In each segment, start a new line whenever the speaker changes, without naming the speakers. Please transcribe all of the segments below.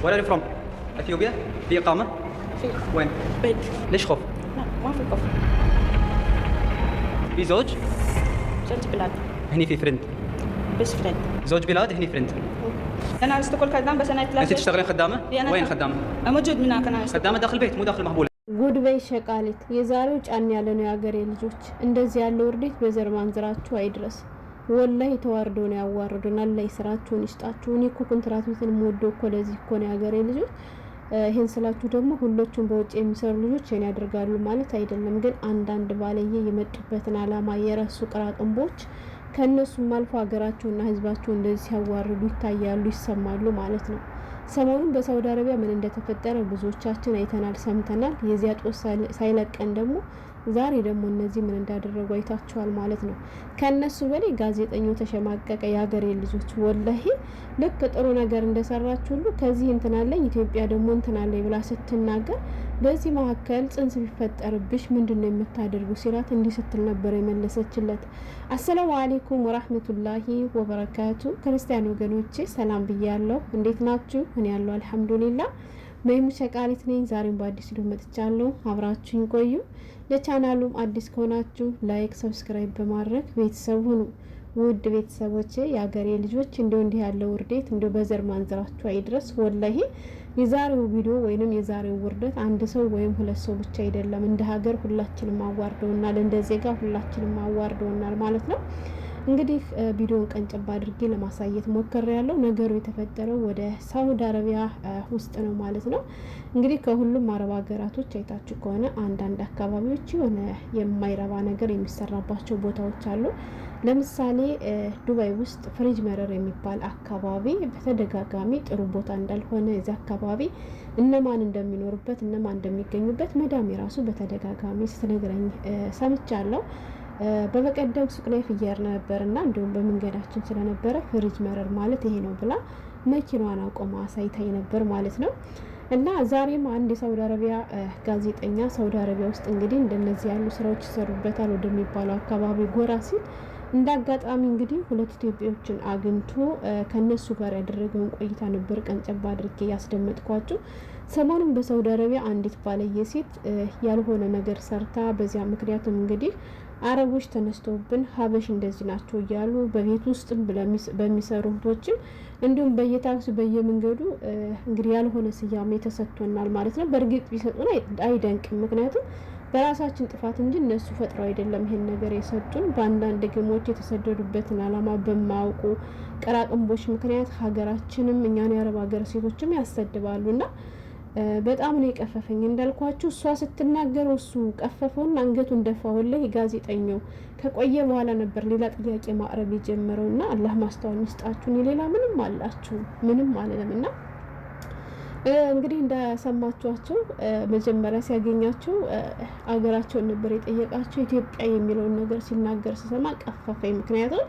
Where are you from? Ethiopia? في إقامة؟ في وين؟ بيت ليش خوف؟
لا ما في خوف في زوج؟ زوج بلاد هني في فريند بس فريند
زوج بلاد هني فريند
انا استقل خدام بس انا
انت تشتغلين خدامه؟ وين خدامه؟
موجود هناك انا خدامه
داخل البيت مو داخل مهبوله
ጉድ በይ ሸቃሊት! የዛሬው ጫን ያለ ነው የአገሬ ልጆች። እንደዚህ ያለው እርዴት በዘር ማንዝራችሁ አይድረስ። ወላይ ተዋርዶ ነው ያዋርዱናል። ላይ ስራችሁን ይስጣችሁ። እኔ እኮ ኮንትራቱትን ወዶ እኮ ለዚህ እኮ ነው ያገሬ ልጆች። ይህን ስላችሁ ደግሞ ሁሎቹም በውጭ የሚሰሩ ልጆች ይህን ያደርጋሉ ማለት አይደለም። ግን አንዳንድ ባለየ የመጡበትን አላማ የረሱ ቅራቅንቦች ከእነሱም አልፎ ሀገራቸውና ህዝባቸው እንደዚህ ሲያዋርዱ ይታያሉ፣ ይሰማሉ ማለት ነው። ሰሞኑን በሳውዲ አረቢያ ምን እንደተፈጠረ ብዙዎቻችን አይተናል፣ ሰምተናል። የዚያ ጦስ ሳይለቀን ደግሞ ዛሬ ደግሞ እነዚህ ምን እንዳደረጉ አይታችኋል ማለት ነው። ከእነሱ በላይ ጋዜጠኛው ተሸማቀቀ። የሀገሬ ልጆች ወላሂ ልክ ጥሩ ነገር እንደሰራችሁ ሁሉ ከዚህ እንትናለኝ ኢትዮጵያ ደግሞ እንትናለኝ ብላ ስትናገር በዚህ መካከል ጽንስ ቢፈጠርብሽ ምንድን ነው የምታደርጉ ሲላት እንዲህ ስትል ነበር የመለሰችለት። አሰላሙ አሌይኩም ወራህመቱላሂ ወበረካቱ። ክርስቲያን ወገኖቼ ሰላም ብያለሁ። እንዴት ናችሁ? እኔ ያለው አልሐምዱሊላ መይሙ ሸቃሪት ነኝ። ዛሬም በአዲስ ቪዲዮ መጥቻለሁ። አብራችሁኝ ቆዩ። ለቻናሉም አዲስ ከሆናችሁ ላይክ፣ ሰብስክራይብ በማድረግ ቤተሰብ ሁኑ። ውድ ቤተሰቦቼ፣ የአገሬ ልጆች እንዲሁ እንዲህ ያለው ውርዴት እንዲሁ በዘር ማንዘራችሁ አይድረስ። ወላሂ የዛሬው ቪዲዮ ወይንም የዛሬው ውርደት አንድ ሰው ወይም ሁለት ሰው ብቻ አይደለም፣ እንደ ሀገር ሁላችንም አዋርደውናል፣ እንደ ዜጋ ሁላችንም አዋርደውናል ማለት ነው። እንግዲህ ቪዲዮን ቀንጨባ አድርጌ ለማሳየት ሞከር ያለው ነገሩ የተፈጠረው ወደ ሳውዲ አረቢያ ውስጥ ነው ማለት ነው። እንግዲህ ከሁሉም አረብ ሀገራቶች አይታችሁ ከሆነ አንዳንድ አካባቢዎች የሆነ የማይረባ ነገር የሚሰራባቸው ቦታዎች አሉ። ለምሳሌ ዱባይ ውስጥ ፍሬጅ መረር የሚባል አካባቢ በተደጋጋሚ ጥሩ ቦታ እንዳልሆነ እዚህ አካባቢ እነማን እንደሚኖሩበት እነማን እንደሚገኙበት መዳሜ ራሱ በተደጋጋሚ ስትነግረኝ ሰምቻለሁ። በበቀደም ሱቅ ላይ ፍየር ነበር እና እንዲሁም በመንገዳችን ስለነበረ ፍሪጅ መረር ማለት ይሄ ነው ብላ መኪናዋን አቆማ አሳይታኝ ነበር ማለት ነው። እና ዛሬም አንድ የሳውዲ አረቢያ ጋዜጠኛ ሳውዲ አረቢያ ውስጥ እንግዲህ እንደነዚህ ያሉ ስራዎች ይሰሩበታል ወደሚባለው አካባቢ ጎራ ሲል እንደ አጋጣሚ እንግዲህ ሁለት ኢትዮጵያዎችን አግኝቶ ከነሱ ጋር ያደረገውን ቆይታ ነበር ቀንጨባ አድርጌ ያስደመጥኳቸው። ሰሞኑን በሳውዲ አረቢያ አንዲት ባለየ ሴት ያልሆነ ነገር ሰርታ በዚያ ምክንያትም እንግዲህ አረቦች ተነስተውብን ሀበሽ እንደዚህ ናቸው እያሉ በቤት ውስጥ በሚሰሩ እህቶችም እንዲሁም በየታክሲ በየመንገዱ እንግዲህ ያልሆነ ስያሜ ተሰጥቶናል ማለት ነው። በእርግጥ ቢሰጡን አይደንቅም። ምክንያቱም በራሳችን ጥፋት እንጂ እነሱ ፈጥረው አይደለም ይሄን ነገር የሰጡን። በአንዳንድ ግሞች የተሰደዱበትን አላማ በማያውቁ ቀራቅንቦች ምክንያት ሀገራችንም እኛን የአረብ ሀገር ሴቶችም ያሰድባሉና በጣም ነው የቀፈፈኝ። እንዳልኳችሁ እሷ ስትናገረው እሱ ቀፈፈውና አንገቱን ደፋውን ጋዜጠኛው ከቆየ በኋላ ነበር ሌላ ጥያቄ ማቅረብ የጀመረውና አላህ ማስተዋል ይስጣችሁ። ሌላ ምንም አላችሁ ምንም አለለም። እና እንግዲህ እንደሰማችኋቸው መጀመሪያ ሲያገኛቸው አገራቸውን ነበር የጠየቃቸው ኢትዮጵያ የሚለውን ነገር ሲናገር ስሰማ ቀፈፈኝ። ምክንያቱም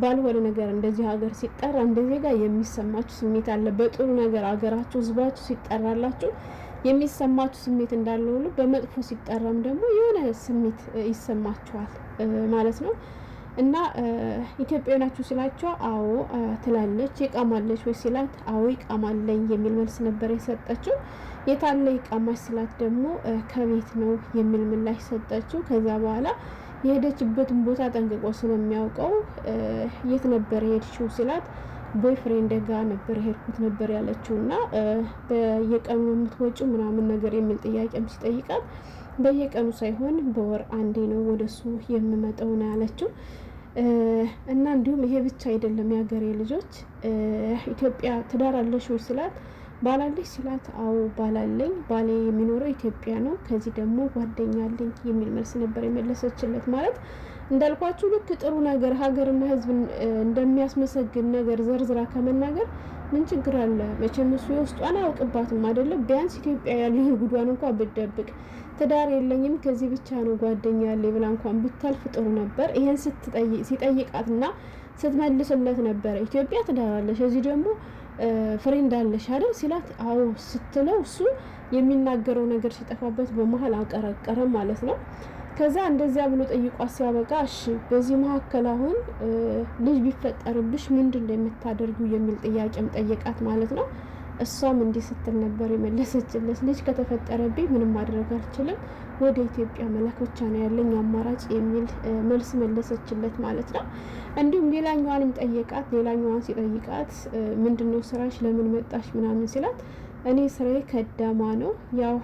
ባልሆነ ነገር እንደዚህ ሀገር ሲጠራ እንደ ዜጋ የሚሰማችሁ ስሜት አለ። በጥሩ ነገር ሀገራችሁ ህዝባችሁ ሲጠራላችሁ የሚሰማችሁ ስሜት እንዳለ ሁሉ በመጥፎ ሲጠራም ደግሞ የሆነ ስሜት ይሰማችኋል ማለት ነው። እና ኢትዮጵያ ናችሁ ሲላቸው አዎ ትላለች። ይቃማለች ወይ ሲላት አዎ ይቃማለኝ የሚል መልስ ነበር የሰጠችው። የታለ ይቃማች ስላት ደግሞ ከቤት ነው የሚል ምላሽ ሰጠችው። ከዛ በኋላ የሄደችበትን ቦታ ጠንቅቆ ስለሚያውቀው የት ነበር የሄድችው ሲላት ቦይፍሬንድ ጋ ነበር የሄድኩት ነበር ያለችው እና በየቀኑ የምትወጪው ምናምን ነገር የሚል ጥያቄም ሲጠይቃት በየቀኑ ሳይሆን በወር አንዴ ነው ወደሱ የምመጣው ነው ያለችው። እና እንዲሁም ይሄ ብቻ አይደለም የሀገሬ ልጆች ኢትዮጵያ ትዳር አለሽ ስላት ባላለች ሲላት፣ አዎ ባላለኝ ባሌ የሚኖረው ኢትዮጵያ ነው፣ ከዚህ ደግሞ ጓደኛ የሚል መልስ ነበር የመለሰችለት። ማለት እንዳልኳችሁ ልክ ጥሩ ነገር ሀገርና ህዝብ እንደሚያስመሰግን ነገር ዘርዝራ ከመናገር ምን ችግር አለ? መቼም እሱ የውስጧን አያውቅባትም አይደለም። ቢያንስ ኢትዮጵያ ያሉ ጉዷን እንኳ ብደብቅ ትዳር የለኝም ከዚህ ብቻ ነው ጓደኛ ያለ ብላ እንኳን ብታልፍ ጥሩ ነበር። ይሄን ሲጠይቃትና ስትመልስለት ነበረ ኢትዮጵያ አለች እዚህ ደግሞ ፍሬ እንዳለሽ አይደል ሲላት፣ አዎ ስትለው እሱ የሚናገረው ነገር ሲጠፋበት በመሀል አቀረቀረ ማለት ነው። ከዛ እንደዚያ ብሎ ጠይቋት ሲያበቃ፣ እሺ በዚህ መካከል አሁን ልጅ ቢፈጠርብሽ ምንድን ነው የምታደርጉ የሚል ጥያቄም ጠየቃት ማለት ነው። እሷም እንዲህ ስትል ነበር የመለሰችለት። ልጅ ከተፈጠረብኝ ምንም ማድረግ አልችልም፣ ወደ ኢትዮጵያ መላክ ብቻ ነው ያለኝ አማራጭ የሚል መልስ መለሰችለት ማለት ነው። እንዲሁም ሌላኛዋንም ጠየቃት። ሌላኛዋን ሲጠይቃት ምንድን ነው ስራሽ? ለምን መጣሽ? ምናምን ሲላት እኔ ስራዬ ከዳማ ነው፣ ያው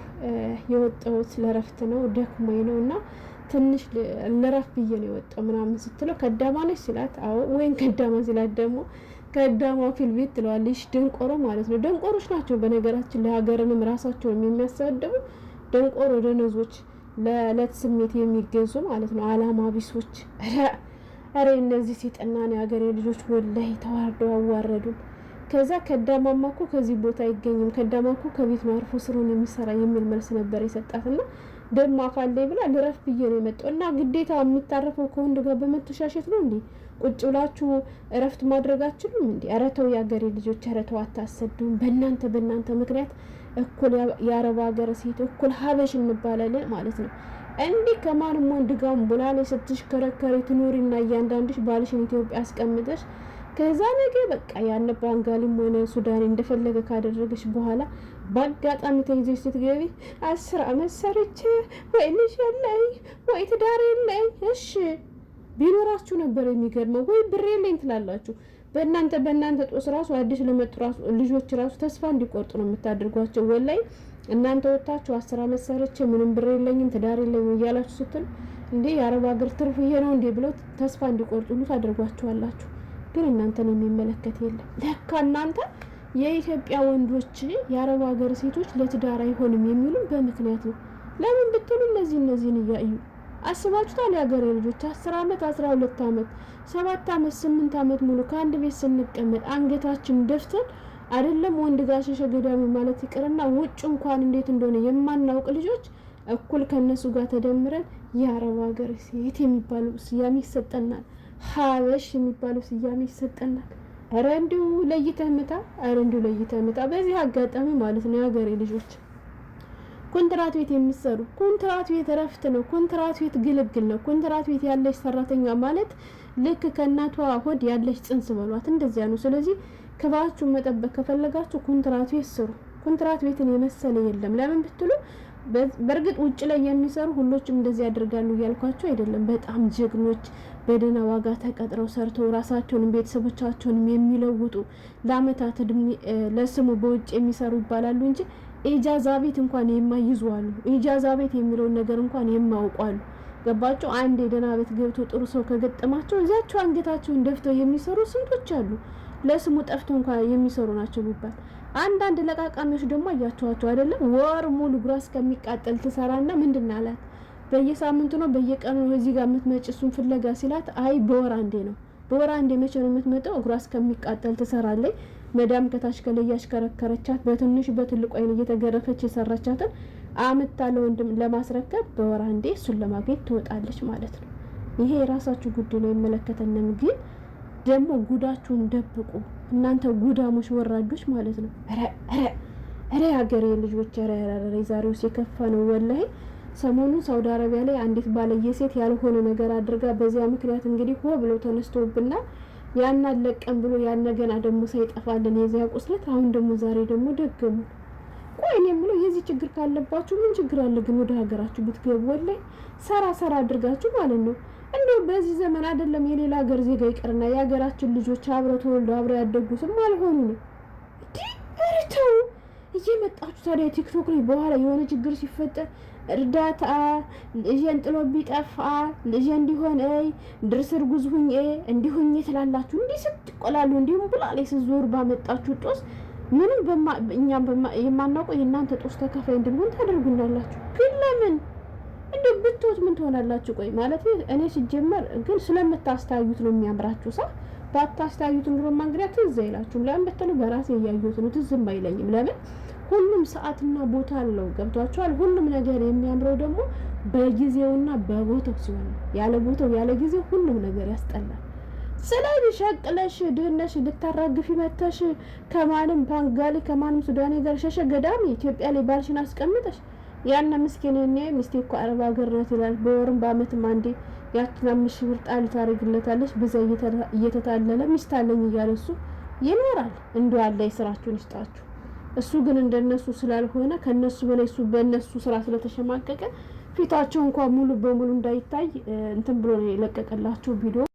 የወጣሁት ለረፍት ነው፣ ደክሞኝ ነው እና ትንሽ ልረፍ ብዬ ነው የወጣው ምናምን ስትለው ከዳማ ነች ሲላት አዎ፣ ወይም ከዳማ ሲላት ደግሞ ከደሞ ፊልቤት ትለዋለች። ደንቆሮ ማለት ነው። ደንቆሮች ናቸው በነገራችን ላይ ራሳቸው ራሳቸውን የሚያሳድቡ ደንቆሮ ደነዞች፣ ለእለት ስሜት የሚገዙ ማለት ነው። አላማ ቢሶች። ኧረ እነዚህ ነው የሀገሬ ልጆች ወላይ ተዋርደው አዋረዱም። ከዛ ከዳማማ እኮ ከዚህ ቦታ አይገኝም፣ ከዳማ እኮ ከቤት ነው አርፎ ስሩን የሚሰራ የሚል መልስ ነበር የሰጣትና ደሞ አካል ብላ ልረፍ ብዬ ነው የመጣው እና ግዴታ የሚታረፈው ከወንድ ጋር በመተሻሸት ነው እንዴ? ቁጭ ብላችሁ እረፍት ማድረጋችሁም እንዴ? ኧረ ተው የአገሬ ልጆች፣ ኧረ ተው አታሰዱም። በእናንተ በእናንተ ምክንያት እኩል የአረብ ሀገር ሴት እኩል ሀበሽ እንባላለን ማለት ነው። እንዲህ ከማንም ወንድ ጋር ቡላሌ ስትሽከረከሪ ትኖሪና እያንዳንድሽ ባልሽን ኢትዮጵያ አስቀምጠሽ ከዛ ነገ በቃ ያነ ባንጋሊም ሆነ ሱዳኔ እንደፈለገ ካደረገች በኋላ በአጋጣሚ ተይዘሽ ስትገቢ አስር አመት ሰርቼ ወይ ልጅ የለኝ ወይ ትዳር የለኝ። እሺ ቢኖራችሁ ነበር የሚገርመው። ወይ ብር የለኝ ትላላችሁ። በእናንተ በእናንተ ጦስ ራሱ አዲስ ለመጡ ራሱ ልጆች ራሱ ተስፋ እንዲቆርጡ ነው የምታደርጓቸው። ወላይ እናንተ ወጥታችሁ አስር አመት ሰርቼ ምንም ብር የለኝም ትዳር የለኝ እያላችሁ ስትል እንዴ የአረብ ሀገር ትርፍ ይሄ ነው እንዴ ብለው ተስፋ እንዲቆርጡ ሁሉ ታደርጓችኋላችሁ። ግን እናንተን የሚመለከት የለም ለካ እናንተ የኢትዮጵያ ወንዶች የአረብ ሀገር ሴቶች ለትዳር አይሆንም የሚሉም በምክንያት ነው። ለምን ብትሉ እነዚህ እነዚህን እያዩ አስባችሁታል? የሀገሬ ልጆች አስር አመት አስራ ሁለት አመት ሰባት አመት ስምንት አመት ሙሉ ከአንድ ቤት ስንቀመጥ አንገታችን ደፍተን አይደለም ወንድ ጋር ሸሸ ገዳሚ ማለት ይቅርና ውጭ እንኳን እንዴት እንደሆነ የማናውቅ ልጆች እኩል ከእነሱ ጋር ተደምረን የአረብ ሀገር ሴት የሚባለው ስያሜ ይሰጠናል። ሀበሽ የሚባለው ስያሜ ይሰጠናል። ኧረ እንዲሁ ለይተህ ምታ፣ ኧረ እንዲሁ ለይተህ ምታ። በዚህ አጋጣሚ ማለት ነው የሀገሬ ልጆች ኮንትራት ቤት የሚሰሩ ኮንትራት ቤት እረፍት ነው። ኮንትራት ቤት ግልግል ነው። ኮንትራት ቤት ያለች ሰራተኛ ማለት ልክ ከእናቷ ሆድ ያለች ጽንስ በሏት፣ እንደዚያ ነው። ስለዚህ ክብራችሁን መጠበቅ ከፈለጋችሁ ኮንትራት ቤት ስሩ። ኮንትራት ቤትን የመሰለ የለም። ለምን ብትሉ በእርግጥ ውጭ ላይ የሚሰሩ ሁሎችም እንደዚህ ያደርጋሉ እያልኳቸው አይደለም። በጣም ጀግኖች በደህና ዋጋ ተቀጥረው ሰርተው ራሳቸውንም ቤተሰቦቻቸውንም የሚለውጡ ለአመታት ለስሙ በውጭ የሚሰሩ ይባላሉ እንጂ ኢጃዛ ቤት እንኳን የማይዙ አሉ። ኢጃዛ ቤት የሚለውን ነገር እንኳን የማውቋሉ አሉ። ገባቸው። አንድ የደህና ቤት ገብቶ ጥሩ ሰው ከገጠማቸው እዚያቸው አንገታቸውን ደፍተው የሚሰሩ ስንቶች አሉ። ለስሙ ጠፍቶ እንኳን የሚሰሩ ናቸው ቢባል አንዳንድ ለቃቃሚዎች ደግሞ አያቸዋቸው አይደለም። ወር ሙሉ እግሯ እስከሚቃጠል ትሰራና ምንድን አላት በየሳምንቱ ነው በየቀኑ እዚህ ጋር የምትመጪ እሱን ፍለጋ ሲላት፣ አይ በወር አንዴ ነው። በወር አንዴ መቼ ነው የምትመጣው? እግሯ እስከሚቃጠል ትሰራለች። መዳም ከታች ከላይ ያሽከረከረቻት በትንሽ በትልቁ አይን እየተገረፈች የሰራቻትን አምታ ለወንድም ለማስረከብ በወር አንዴ እሱን ለማግኘት ትወጣለች ማለት ነው። ይሄ የራሳችሁ ጉዳይ ነው፣ አይመለከተንም ግን ደግሞ ጉዳችሁን ደብቁ። እናንተ ጉዳሞች ወራዶች ማለት ነው። ረ ሀገሬ ልጆች ረ የዛሬው የከፋ ነው ወላሂ። ሰሞኑን ሳውዲ አረቢያ ላይ አንዲት ባለየ ሴት ያልሆነ ነገር አድርጋ በዚያ ምክንያት እንግዲህ ሆ ብሎ ተነስቶብና ያን አለቀም ብሎ ያነ ገና ደግሞ ሳይጠፋልን የዚያ ቁስለት አሁን ደግሞ ዛሬ ደግሞ ደገሙ። ቆይ እኔ የምለው የዚህ ችግር ካለባችሁ ምን ችግር አለ ግን ወደ ሀገራችሁ ብትገቡ ወላሂ ሰራ ሰራ አድርጋችሁ ማለት ነው እንደው በዚህ ዘመን አይደለም የሌላ ሀገር ዜጋ ይቀርና የሀገራችን ልጆች አብረው ተወልደው አብረው ያደጉትም አልሆኑ ነው። እርተው እየመጣችሁ ታዲያ ቲክቶክ ላይ በኋላ የሆነ ችግር ሲፈጠር እርዳታ ልጄን ጥሎ ቢጠፋ ልጄ እንዲሆን ይ ድርስ እርጉዝ ሁኝ እንዲሁኝ ትላላችሁ። እንዲህ ስትቆላሉ እንዲሁም ብላ ላይ ስዞር ባመጣችሁ ጦስ ምንም እኛም የማናውቀው የእናንተ ጦስ ተካፋይ እንድንሆን ታደርጉናላችሁ። ግን ለምን እንደ ብትወት ምን ትሆናላችሁ? ቆይ ማለት እኔ ሲጀመር ግን ስለምታስተያዩት ነው የሚያምራችሁ ሰው ባታስተያዩት እንግዲህ ማንግሪያ ትዝ አይላችሁም። ለምን ብትሉ በራሴ እያየሁት ነው፣ ትዝም አይለኝም። ለምን ሁሉም ሰዓትና ቦታ አለው። ገብቷችኋል? ሁሉም ነገር የሚያምረው ደግሞ በጊዜውና በቦታው ሲሆን፣ ያለ ቦታው ያለ ጊዜው ሁሉም ነገር ያስጠላል። ስለዚህ ሸቅለሽ ድህነሽ ልታራግፊ መተሽ ከማንም ፓንጋሊ ከማንም ሱዳኔ ጋር ሸሸ ገዳሚ ኢትዮጵያ ላይ ባልሽን አስቀምጠሽ ያነ ምስኪን እኔ ሚስቴ እኮ አረብ ሀገር ናት ይላል። በወርም በአመትም አንዴ ያችን አምስት ሺህ ብር ጣል ታደርግለታለች። በዛ እየተታለለ ሚስት አለኝ እያለ እሱ ይኖራል። እንዲ አለ የስራችሁን ይስጣችሁ። እሱ ግን እንደነሱ ስላልሆነ ከነሱ በላይ እሱ በእነሱ ስራ ስለተሸማቀቀ ፊታቸው እንኳን ሙሉ በሙሉ እንዳይታይ እንትን ብሎ ነው የለቀቀላቸው ቪዲዮ